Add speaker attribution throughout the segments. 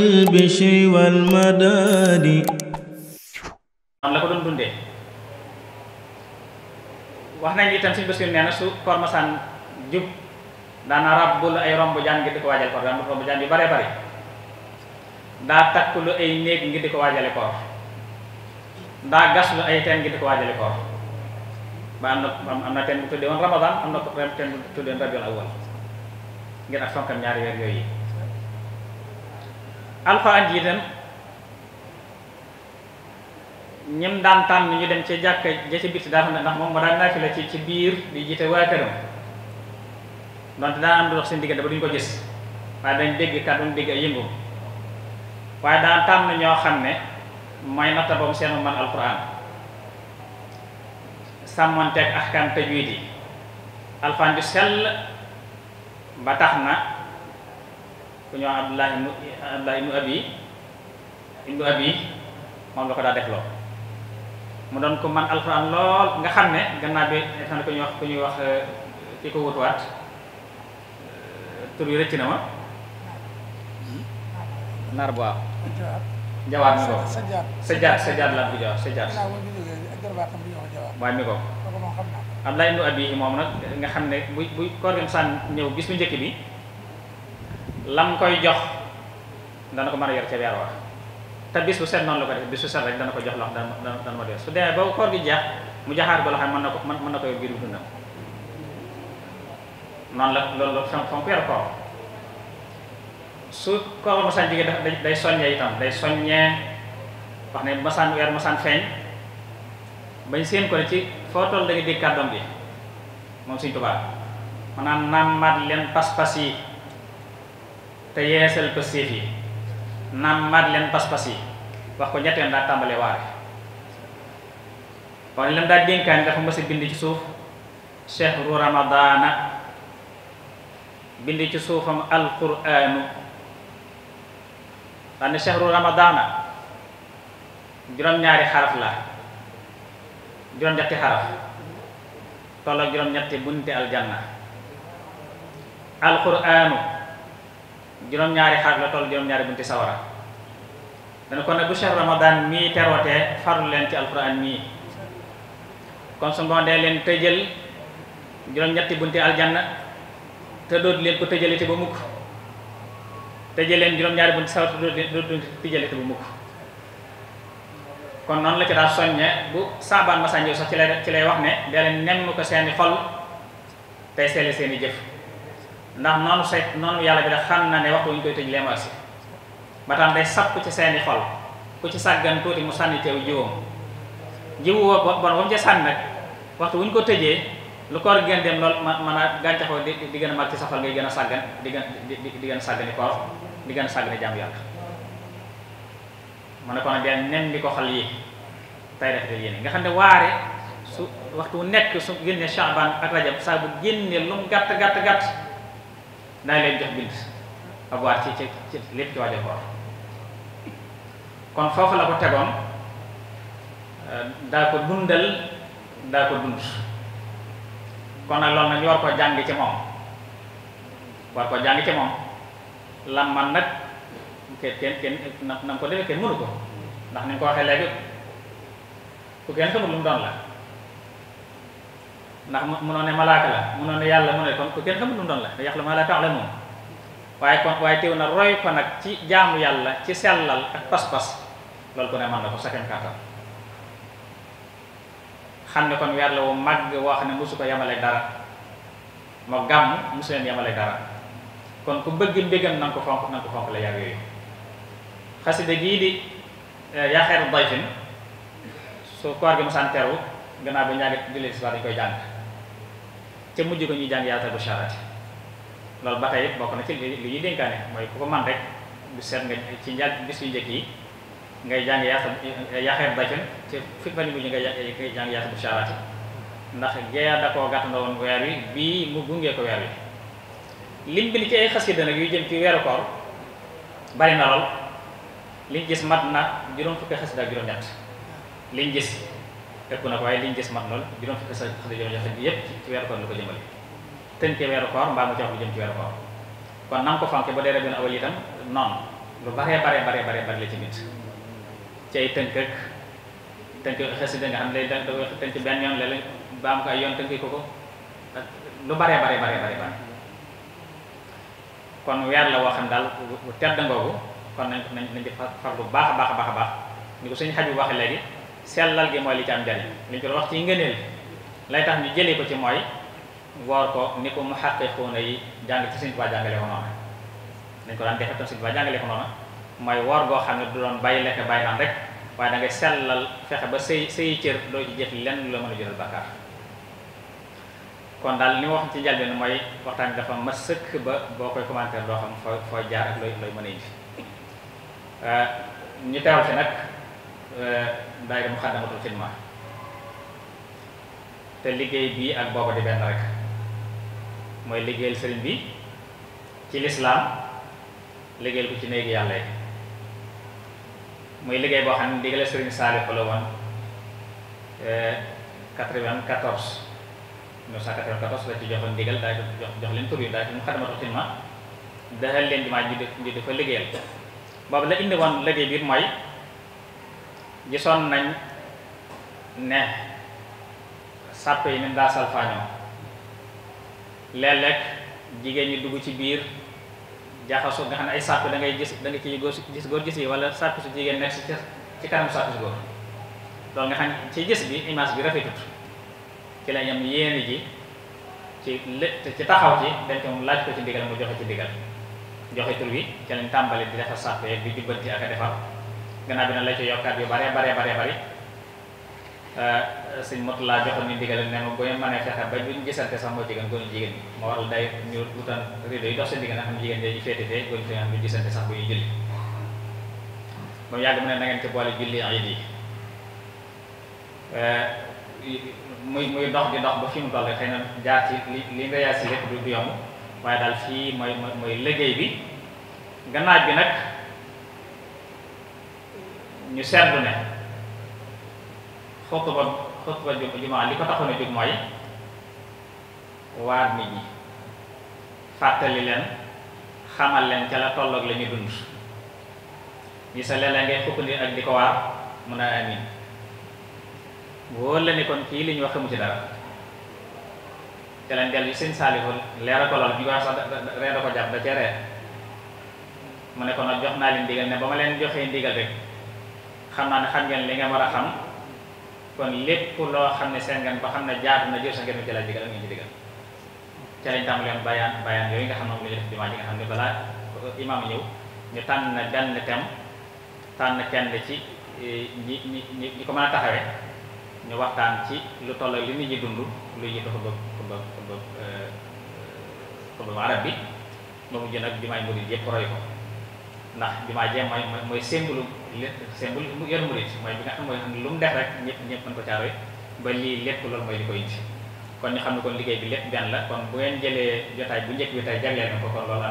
Speaker 1: bilbishri wal madadi noonu la ko doon dundee wax nañ itam suñu bés nee na su koor masaan jub daana rabbul ay romb jaan ngir di ko waajale koor daan romb jaan yu bare bare daa takk lu ay néeg ngir di ko waajale koor daa gas lu ay teen ngir di ko waajale koor ba am na am na teen bu tuddee woon ramadan am na ko teen bu tuddee woon rabiul awal ngir ak fonkam ñaari weer yooyu alxuraan ji itam ñim daan tànn ñu dem ci jàkka ja ci bitti daa xam ne ndax moom moo daan naafi la ci ci biir di jiite waa këram donte daan am dox seen diggante ba duñ ko gis waaye dañ dégg kàddu dégg ay yëngu waaye daan tànn ñoo xam ne mooy natta boobu seen man alxuraan sàmmonteeg ahkaam tajwiid yi alxuraan ju sell ba tax na ku ñëw Abdullah ibnu Abdullah ibnu Abi ibnu Abi moom la ko daal def loo mu doon ko man alxuraan lool nga xam ne gannaaw bi def na ko ñuy wax ku ñuy wax eh, ki ko wutuwaat eh, tur yi rëcc na ma naar bu waaw jawaat mi ko sajaat sajaat laa bu jawaat moom nag nga xam ne bu bu koor gi ñëw bis bu njëkk bi lam koy jox dana ko mën a yor ca weer wax te bis bu set noonu la ko def bis bu set rek dana ko jox loxo dana dana ma def su demee ba koor gi jeex mu jaxaar ba loo xam mën na ko mën na ko yor ngir dundam la loolu la fam fam weer koor su koor masaan jigéen daf day soññee itam day ne masaan weer masaan feeñ bañ seen ko ne ci foo toll da nga dégg kàddoom bi moom Sëñ Tuubaa maanaam naam maat leen pas-pas yi te yeesal pastéef yi nammaat leen pas-pas yi wax ko ñetti yoon daa tàmbalee waare wax ne lam daa dénkaan dafa mës a bind ci suuf chehru ramadana bind ci suufam alquranu xam ne chehru ramadana juróom-ñaari xaraf la juróom-ñetti xaraf tolloog juróom-ñetti bunte aljanna alquranu juróom-ñaari xaaj la toll juróom-ñaari bunti sawara dana kon nag bu cheikh ramadan mii terootee farlu leen ci alquran mii kon su leen tëjël juróom-ñetti bunti aljanna te dootu leen ko tëjëlite ba mukk tëjël leen juróom-ñaari bunti sawara te dootu leen tëjëlite ba mukk kon noonu la ci daal soññe bu saabaan masanjëw sax ci lay ci lay wax ne dee leen nemm ko seeni xol tey seeli seeni jëf ndax noonu say noonu yàlla bi da xam na ne waxtu ñu koy tëj leemal si ba tax day sàpp ci seeni xol ku ci sàggan tuuti mu sànni teew jiwam jiwu bon ba mu ca sànni nag waxtu wuñ ko tëjee lu koor gën dem lool man a gàncaxoo di di gën a mag ci safal ngay gën a sàggan di gën di gën a sàggani koor di gën a sàggani jàmm yàlla mu ne ko nag del nen di ko xal yi tey def del yéene nga xam ne waare su waxtu nekk su génne Shaaban ak Rajab saa bu génne lu mu gàtt gàtt gàtt daañu leen jox bind ab waar ci ci lépp ci waajal koor kon foofu la ko tegoon daa ko dundal daa ko dund kon nag loolu nag ñu war ko jàng ci moom war ko jàng ci moom lan man nag kenn kenn kenn na na ko defee kenn mënu ko ndax ni nga ko waxee léegi ku kenn xamul lu mu doon la ndax munoo ne malaaka la munoo ne yàlla mu ne kon ko kenn xamul mu doon la te yàlla ma la tax la moom waaye kon waaye teew na roy ko nag ci jaamu yàlla ci sellal ak pas-pas loolu ko ne man na ko sakem kàttan xam ne kon weer la wu màgg woo xam ne mosu ko yemale dara moo gàmm mosu leen yemale dara kon ku bëgg mbégam na ko fonk na nga ko fonk la yar yooyu xasida gii di eh, yaa xeeru dayfin su koor gi mu santeeru gannaaw bi ñaari jullit si dañ koy jàng ca mujj ko ñuy jàng yaatal bu sharaati loolu ba tay bokk na ci li li ñuy dénkaane mooy ku ko man rek bu seet nga ci njàng bis yu njëkk yi ngay jàng yaatal yaaxeet baytan ca fukki fan yu bu sharaati ndax geeya da koo gàtt na woon weer wi bii mu gungee ko weer wi lim bi li ci ay xasida nag yu jëm ci weeru koor bari na lool liñ gis mat na juróom fukki xasida ak juróom-ñett liñ gis ëpp na ko waaye liñ gis mat lool juróom fukki sa xasida juróom ñaar yëpp ci weeru koor lu ko jëmale tënkee weeru koor mbaa mu jox lu jëm ci weeru koor kon na nga ko fanke lu baree baree baree baree bari la ay tënk ak tënk xasida nga xam ne da koy tënk yoon léeg-léeg ko ko lu baree baree baree baree bare kon weer la woo xam daal bu tedd ngoogu kon nañ nañ nañ farlu baax a baax a baax a baax ni ko suñu xaj bu waxee léegi sellal gi mooy li ci am njariñ li ñu ko wax ci ngëneel lay tax ñu jëlee ko ci mooy woor ko ni ko mu xàqiquuna yi jàng ci Sëñ Tuubaa jàngale ko noonu dañ ko daan defe tam mooy woor goo xam ne du bàyyi lekk bàyyi naan rek waaye da ngay sellal fexe ba sëy sëyi cër doo ci jëf lenn la mën a jural bàkkaar daal li wax ci njëlbeen mooy waxtaan dafa ma sëkk ba boo koy commentaire doo xam foo foo jaar ak looy looy mën a indi euh, ñu teewal si nag daayira eh, Muxaddamatul Xidma te liggéey bii ak booba di benn rek mooy liggéeyal sëriñ bi ci lislaam liggéeyal ko ci néegi yàlla yi liggéey boo xam ne digale sëriñ Saalif la woon 94 eh, 1994 la ci joxoon ndigal daay jox jox leen tur yi daay mu xadamatul xidma daxal leen jumaa ji di di fa liggéeyal boobu la indi woon liggéey biir mooy gisoon nañ ne sàpp yi ni daa salfaañoo léeg-léeg jigéen ñi dugg ci biir jaxasoo nga xam ne ay sàpp da ngay gis da nga ciy gis góor gis yi wala sàpp su jigéen nekk ci kanam sàpp su góor loolu nga xam ci gis bi image bi rafetut ci la ñam yéene ji ci lé- ci taxaw ci dañ ko laaj ko ci ndigal mu joxe ci ndigal joxe tur wi ci lañ tàmbali di defar sàpp yeeg di jubbanti ak a defar gannaaw bi na la yokkaat yu bare bare bare bari eh, sëñ mot laa joxoon ni ndigal ne ma bu ngeen mënee fexe ba ñu gisante sax moo jigéen góor jigéen ñi moo waral day ñu wutan rido yi dox seen digg nga xam jigéen dañuy féete fee góor fi julli ba mu yàgg mu ne na ngeen ci boole julli iid yi eh, muy muy dox di dox ba fi mu toll xëy na jaar ci li li nga yaasi lépp du yomb waaye daal fii mooy mooy liggéey bi gannaaw bi nag ñu seetlu ne xutba xutba jumaa li ko taxoon a jóg mooy waar nit ñi fàttali leen xamal leen ca la tolloog la ñu dund gis sa leen ngay xukk ak di ko waar mun a amin wóor la ne kon kii li ñu wax xamu ci dara te leen del yu sëñ Saalihu leera ko lool bi a wax sax reer da ko jàpp da cee mu ne ko nag jox naa leen ndigal ne ba ma leen joxee ndigal rek xam naa ne xam ngeen li nga war a xam kon lépp loo xam ne seen ngeen ba xam ne jaar na jël sa ngeen ci la digal ak ngeen ci digal ca lañ tàmbalee bayaan bayaan yooyu nga xam ne moom la ñu ji nga xam ne balaa imaam ñëw ñu tànn na benn tem tànn kenn ci e, ñi ñi ñi ko mën taxawee ñu waxtaan ci lu toll li nit ñi dund lu jiitu xutba xutba xutba xutba arab bi ba mu jën ak jumaay murid yëpp roy ko ndax jumaa jee mooy mooy mooy symbole symbole yoonu murid mooy bi nga xam mooy xam lu mu def rek ñëpp ñëpp mën ko ba lii lépp loolu mooy li ko indi kon xam ne kon liggéey bi lépp benn la bu ngeen jëlee jotaay bu njëkk bi tey jagleel na ko kon loolu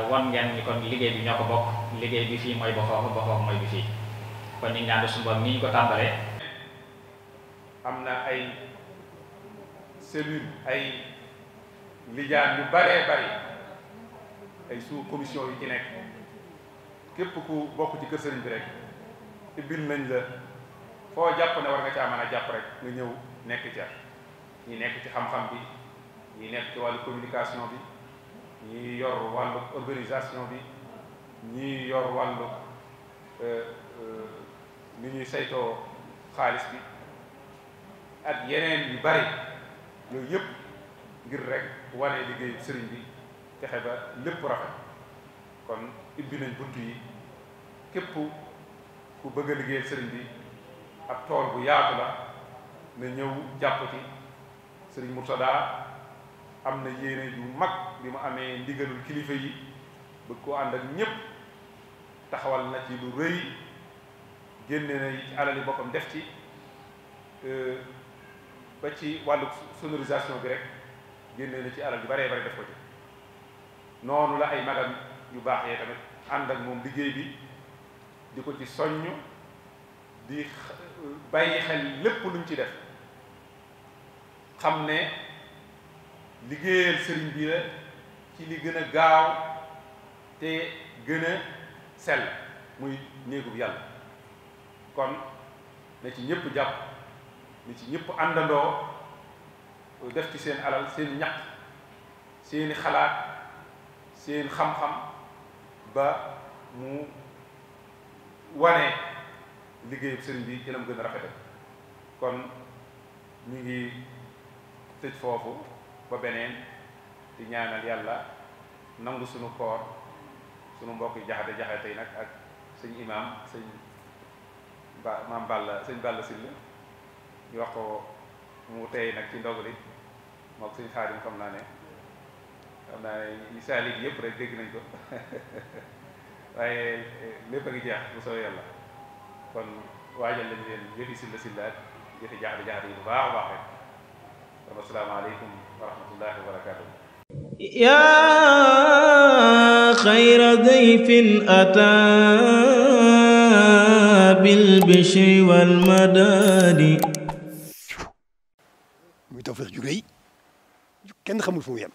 Speaker 1: am ngeen kon liggéey bi ñoo ko bokk liggéey bi fii mooy ba xoox ba xoox mooy bi fii kon ñu ngi ñaan suñu ko
Speaker 2: tàmbalee. am na ay cellule ay lijaan yu baree bari ay sous commission yu ci nekk képp ku bokk ci kër sëriñ bi rek ubbil nañ la foo jàpp ne war nga caa mën a jàpp rek nga ñëw nekk ca ñu nekk ci xam-xam bi ñi nekk ci wàllu communication bi ñi yor wàllu organisation bi ñuy yor wàllu euh, euh, ni ñuy saytoo xaalis bi ak yeneen yu bari yooyu yëpp ngir rek bu wane liggéey sëriñ bi fexe ba lépp rafet kon ibbi nañ bunt yi képp ku bëgg a liggéey sëriñ bi ab tool bu yaatu la na ñëw jàpp ci sëriñ Murtada am na yéene ju mag bi mu amee ndigalul kilifa yi bëgg koo ànd ak ñépp taxawal na ci lu rëy génne na ci alali boppam def ci ba ci wàllu sonorisation bi rek génne na ci alal yu baree bari def ko ci noonu la ay magam yu baax yee tamit ànd ak moom liggéey bi di ko ci soññ di bàyyi xel lépp luñ ci def xam ne liggéeyal sëriñ bi la ci li gën a gaaw te gën a sel muy néegub yàlla kon na ci ñëpp jàpp na ci ñëpp àndandoo def ci seen alal seen ñaq seeni xalaat seen xam-xam ba mu wane liggéeyu sëriñ bi ci la gën a rafetal kon ñu ngi tëj foofu ba beneen di ñaanal yàlla nangu sunu koor sunu mbokk yi jaxate jaxate tey nag ak sëñ imaam sëñ ba maam Balla sëñ Balla Sylla ñu wax ko mu tey nag ci ndog li mook sëñ Xaadim xam naa ne xam naa ne misaal yi yëpp rek dégg nañ ko waaye eh, lépp a ngi jeex bu soobee yàlla kon waajal lañ leen jëfi silla sillaat jëfi jaxdi jaxdi yi bu baax a baax rek kon asalaamaaleykum wa rahmatullahi wa barakaatu yaa
Speaker 1: xayra dayfin ataa bil bishri wal madaadi muy tawfeex ju rëy kenn xamul fu mu yem